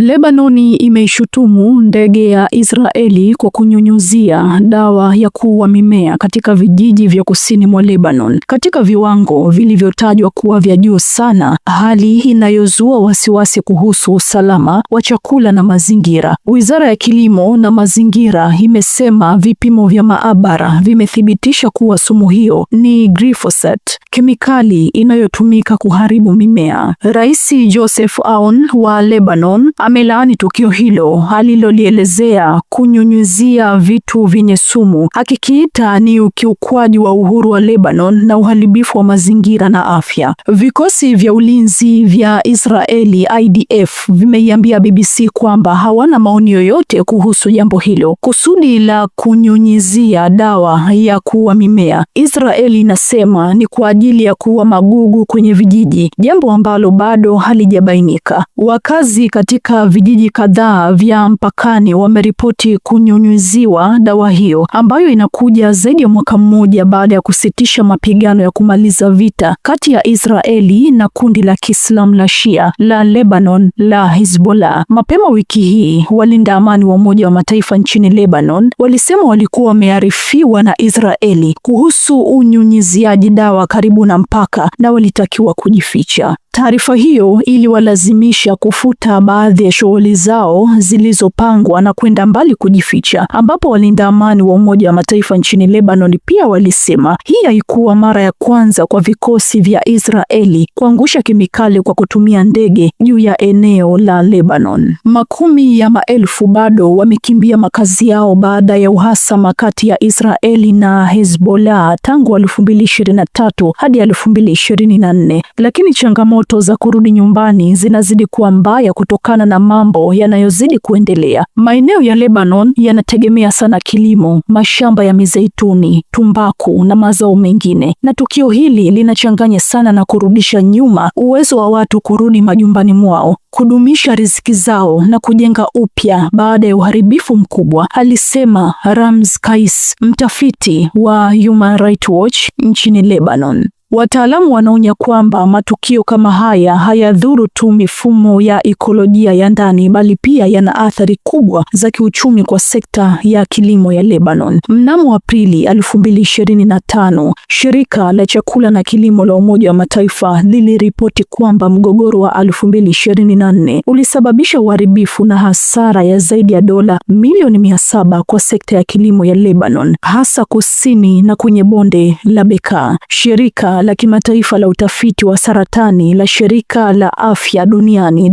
Lebanoni imeishutumu ndege ya Israeli kwa kunyunyuzia dawa ya kuua mimea katika vijiji vya kusini mwa Lebanon katika viwango vilivyotajwa kuwa vya juu sana, hali inayozua wasiwasi kuhusu usalama wa chakula na mazingira. Wizara ya Kilimo na Mazingira imesema vipimo vya maabara vimethibitisha kuwa sumu hiyo ni glyphosate kemikali inayotumika kuharibu mimea. Rais Joseph Aoun wa Lebanon amelaani tukio hilo alilolielezea kunyunyizia vitu vyenye sumu, akikiita ni ukiukwaji wa uhuru wa Lebanon na uharibifu wa mazingira na afya. Vikosi vya ulinzi vya Israeli IDF vimeiambia BBC kwamba hawana maoni yoyote kuhusu jambo hilo. Kusudi la kunyunyizia dawa ya kuua mimea, Israeli inasema ni kwa ajili ya kuua magugu kwenye vijiji, jambo ambalo bado halijabainika. Wakazi katika vijiji kadhaa vya mpakani wameripoti kunyunyuziwa dawa hiyo ambayo inakuja zaidi ya mwaka mmoja baada ya kusitisha mapigano ya kumaliza vita kati ya Israeli na kundi la Kiislamu la Shia la Lebanon la Hezbollah. Mapema wiki hii, walinda amani wa Umoja wa Mataifa nchini Lebanon walisema walikuwa wamearifiwa na Israeli kuhusu unyunyiziaji dawa karibu karibu na mpaka na walitakiwa kujificha. Taarifa hiyo iliwalazimisha kufuta baadhi ya shughuli zao zilizopangwa na kwenda mbali kujificha, ambapo walinda amani wa Umoja wa Mataifa nchini Lebanon pia walisema hii haikuwa mara ya kwanza kwa vikosi vya Israeli kuangusha kemikali kwa kutumia ndege juu ya eneo la Lebanon. Makumi ya maelfu bado wamekimbia makazi yao baada ya uhasama kati ya Israeli na Hezbollah tangu 2023 hadi 2024, lakini changamoto changamoto za kurudi nyumbani zinazidi kuwa mbaya kutokana na mambo yanayozidi kuendelea. Maeneo ya Lebanon yanategemea sana kilimo, mashamba ya mizeituni, tumbaku na mazao mengine, na tukio hili linachanganya sana na kurudisha nyuma uwezo wa watu kurudi majumbani mwao kudumisha riziki zao na kujenga upya baada ya uharibifu mkubwa, alisema rams Kais, mtafiti wa Human Rights Watch nchini Lebanon. Wataalamu wanaonya kwamba matukio kama haya hayadhuru tu mifumo ya ikolojia ya ndani bali pia yana athari kubwa za kiuchumi kwa sekta ya kilimo ya Lebanon. Mnamo Aprili 2025, shirika la chakula na kilimo la Umoja wa Mataifa liliripoti kwamba mgogoro wa 2024 ulisababisha uharibifu na hasara ya zaidi ya dola milioni 700 kwa sekta ya kilimo ya Lebanon, hasa kusini na kwenye bonde la Bekaa. Shirika la kimataifa la utafiti wa saratani la shirika la afya duniani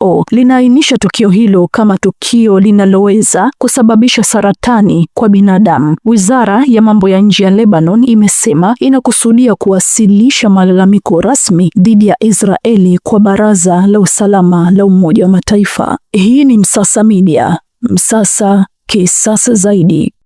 WHO linaainisha tukio hilo kama tukio linaloweza kusababisha saratani kwa binadamu. Wizara ya mambo ya nje ya Lebanon imesema inakusudia kuwasilisha malalamiko rasmi dhidi ya Israeli kwa Baraza la Usalama la Umoja wa Mataifa. Hii ni Msasa Media, Msasa kisasa zaidi.